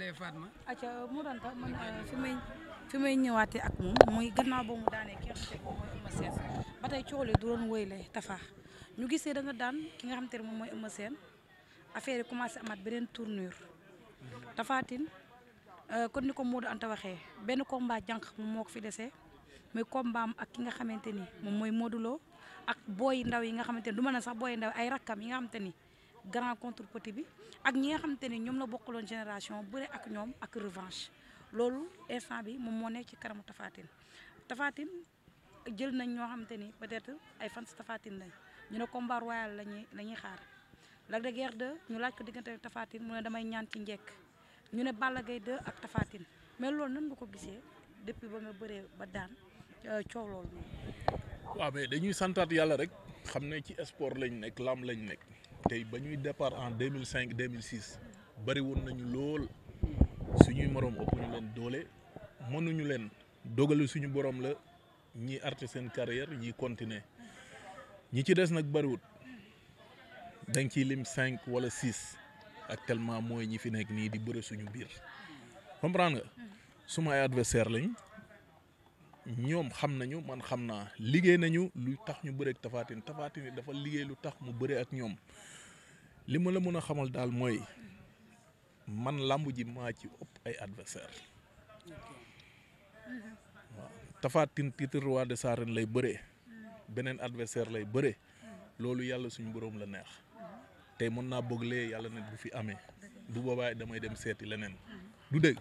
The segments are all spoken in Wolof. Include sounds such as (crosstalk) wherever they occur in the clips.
daanelee Fatma. acca mu ranta man euh, fi may fi may ñëwaatee ak moom mooy gannaaw boobu mu daanee kii xam moom mooy Eumeu Sène ba tey coow li du doon woyle ñu gisee da nga daan ki nga xam te ne moom mooy Eumeu Sène affaire commencé amaat beneen tournure Tapha kon euh, ni ko Modou Anta waxee benn combat jànq moom moo ko fi desee muy combat am ak ki nga xamante ni moom mooy Modou Lo ak booy ndaw yi nga xamante ni du ma ne sax booy ndaw ay rakkam yi nga xamante ni. grand contre petit bi ak ñi nga xamante ni ñoom la bokkaloon génération bëre ak ñoom ak revanche loolu instant bi moom moo nekk ci kanamu Tafatine tafaatin jël nañ ñoo xamante ni peut-être ay fans tafaatin lañ ñu ne combat royal lañuy la ñuy xaar Lac de ñu laaj ko diggante ak Tafatine mu ne damay ñaan ci njekk ñu ne Balla Gaye 2 ak tafaatin mais loolu nan nga ko gisee depuis ba nga bëree ba daan euh, coow loolu moom. waaw mais dañuy santaat yàlla rek xam ne ci sport lañ nekk lam lañ tey ba ñuy départ en deux cinq deux mille six bëri nañu lool suñuy moroom ëpp ñu leen doole mënuñu leen dogale suñu borom la ñi arte seen carrière ñi continuer ñi ci des nag bariwut dañ ciy lim cinq wala six actuellement mooy ñi fi nekk nii di bëre suñu biir comprendre nga mm. suma ay adversaire lañ ñoom xam nañu man xam naa liggéey nañu lu tax ñu bëre ak Tapha Tine dafa liggéey lu tax mu bëre ak ñoom li ma la mën a xamal daal mooy man làmb ji maa ci ëpp ay adversaire tafaatin Tapha Tine titre roi des arènes lay bëree beneen adversaire lay bëree loolu yàlla suñu boroom la neex tey mën naa bëgg lee yàlla ne bu fi amee bu boobaay damay dem seeti leneen du dégg.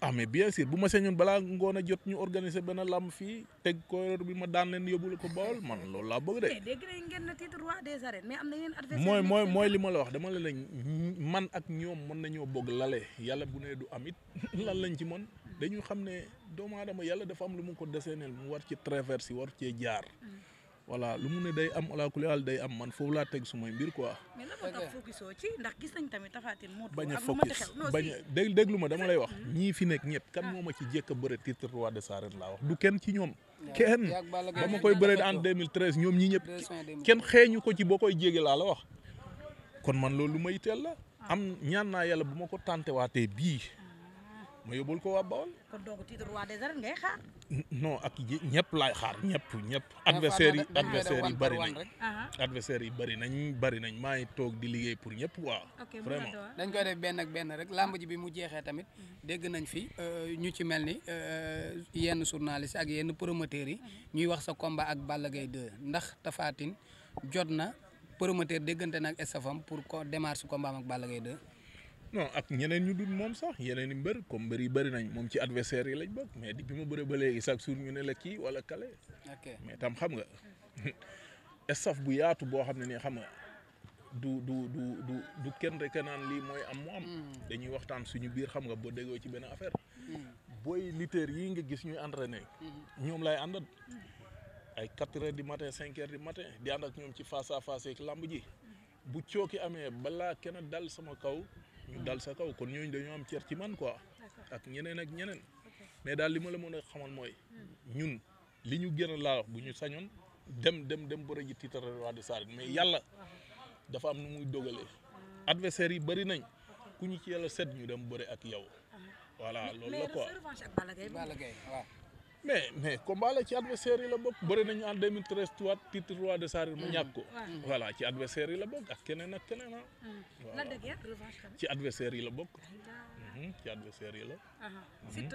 ah mais bien sûr bu ma sañoon balaa ngoon a jot ñu organiser benn làmb fii teg ko bi ma daan leen yóbbul ko Bawol man loolu laa bëgg de. mais dégg na yeneen adversaire mooy mooy li ma la wax dama la lañ man ak ñoom mën nañoo bëgg lale yàlla bu ne du am it (laughs) lan lañ ci mën dañu xam ne doomu aadama yàlla dafa am lu mu ko deseneel mu war ci traverse war cee jaar. Mm. voilà lu mu ne day am ala kulli haal day am man foofu laa teg sumay mbir quoi. mais lan ci ndax gis nañ tamit tafaatin moo. bañ a focus bañ a dégg déglu ma dama lay wax. Mm-hmm. ñii fi nekk ñëpp kan ah. moo ma ci jékk a bëre titre roi des laa wax du ah. kenn ci ñoom. kenn ba ma koy bëree en 2013 ñoom ñii ñëpp kenn xeeñu ko ci boo koy jéggi laa la wax kon man loolu lu may teel la. Ah. am ñaan naa yàlla bu ma ko tàntewaatee bii. ma yóbbul ko waa Bawol. kon donc titre roi des arènes ak ñëpp laay xaar ñëpp ñëpp. adversaire yi adversaire yi bëri nañ. adversaire yi bëri nañ bëri nañ maa toog di liggéey pour ñëpp waaw. dañ koy def benn ak benn rek làmb ji bi mu jeexee tamit mhm. dégg nañ fi euh, ñu ci mel ni euh, yenn journaliste ak yenn promoteurs yi mhm. ñuy wax sa combat ak Balla Gaye 2 ndax Tapha jot na promoteur déggante nag estafam pour ko démarrer su combat ak Balla Gaye 2. non ak ñeneen ñu dul moom sax yeneen i mbër comme mbëri yi bëri nañ moom ci adversaire yi lañ bokk mais bi ma bëre ba léegi chaque jour ñu ne la kii wala kale. mais tam xam nga (laughs) staff bu yaatu boo xam ne nii xam nga du du du du kenn rek naan lii mooy am mu am. Mm. dañuy waxtaan suñu biir xam nga boo déggoo ci benn affaire. Mm. booy lutteurs yi nga gis ñuy entraîné. Mm-hmm. ñoom lay àndal. ay quatre heures di matin cinq heures du matin di ànd ak ñoom ci face à face ak lamb ji. bu cooki amee balaa kenn dal sama kaw ñu dal sa kaw kon ñooñu dañoo am cër ci man quoi ak ñeneen ak ñeneen mais daal li ma la mën a xamal mooy hmm. ñun li ñu gën a laa bu ñu sañoon dem dem dem bëre ji titre roi de Sarène mais yàlla dafa am nu muy dogalee hmm. adversaires yi bëri nañ ku ñu ci yàlla set ñu dem bëre ak yow ah. voilà loolu la quoi mais mais combat la ci adversaire yi la bokk. bëri nañu en 2013 tuwaat titre roi de Sarr mu mm. ñàkk ko. voilà ci adversaire yi la bokk ak keneen ak keneen ah. Mm. ci adversaire yi la bokk. Mhm, ci adversaire yi la. Ah, ah. Mhm.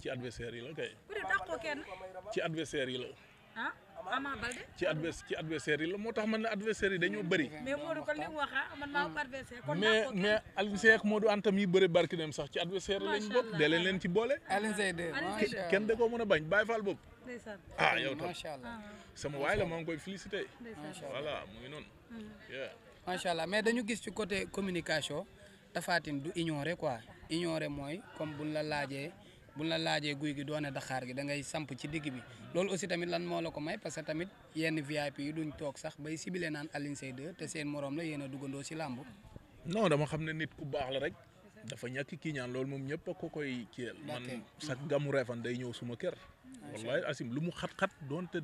ci adversaire yi la kay. peut être ci adversaire yi la. ah Ama Baldé ci advers ci adversaire yi la moo tax man na adversaire yi dañoo bëri. mais ah, mais mais Alioune Seye ak Modou Anta mi bëri barki dem sax ci adversaire lañ bokk. de leen leen ci boole. Alioune Seye de kenn da koo mën a bañ Baye Fall bopp. ah yow tam ah. sama waay la maa koy félicité. voilà mm-hmm. macha allah mais dañu gis ci côté communication tafaatin Tine du ignorer quoi ignorer mooy comme buñ la laajee. bu la laajee guy gi doone daxaar gi da ngay samp ci digg bi loolu aussi tamit lan moo la ko may parce que tamit yenn VIP yi duñ toog sax bay sibile naan alin Seye 2 te seen morom la yéen a duggandoo si làmb. non dama xam ne nit ku baax la rek. dafa ñàkk kii ñaan loolu moom ñëpp a ko koy kiyal man sa gamu reefan day ñëw suma kër wallahi asim lu mu xat-xat doonte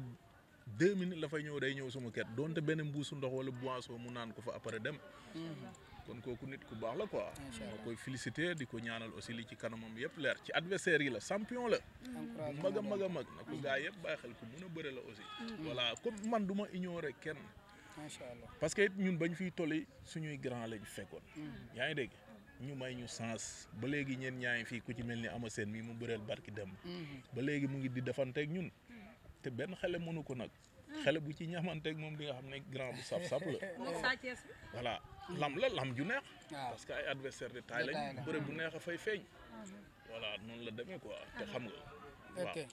deux minutes la fay ñëw day ñëw suma kër doonte benn mbuusu ndox wala boisson mu naan ko fa après dem mhm. kon kooku nit ku baax la quoi. ma koy féliciter di ko ñaanal aussi li ci kanamam yëpp leer ci adversaire yi la champion la. bu mag a mag a mag na ko gaa yëpp bàyyi xel ku mun a bëre la aussi. Mm-hmm. voilà comme man duma ma ignorer kenn. macha allah parce que ñun bañ fiy tolli suñuy grand lañ fekkoon. Mm-hmm. yaa ngi dégg ñu may ñu sens ba léegi ñeen ñaay fii ku ci mel ni ama seen mii mu bëreel barki dem. Mm-hmm. ba léegi mu ngi di defanteeg ñun. te benn xale mënu ko nag. xale bu ci ñamanteeg moom di nga xam ne grand bu sap sap la. (laughs) voilà lam la lam ju neex. parce que ay adversaire de taille lañ. bëre bu neex a fay feeñ. Ah, voilà noonu la demee quoi te ah. xam nga. waaw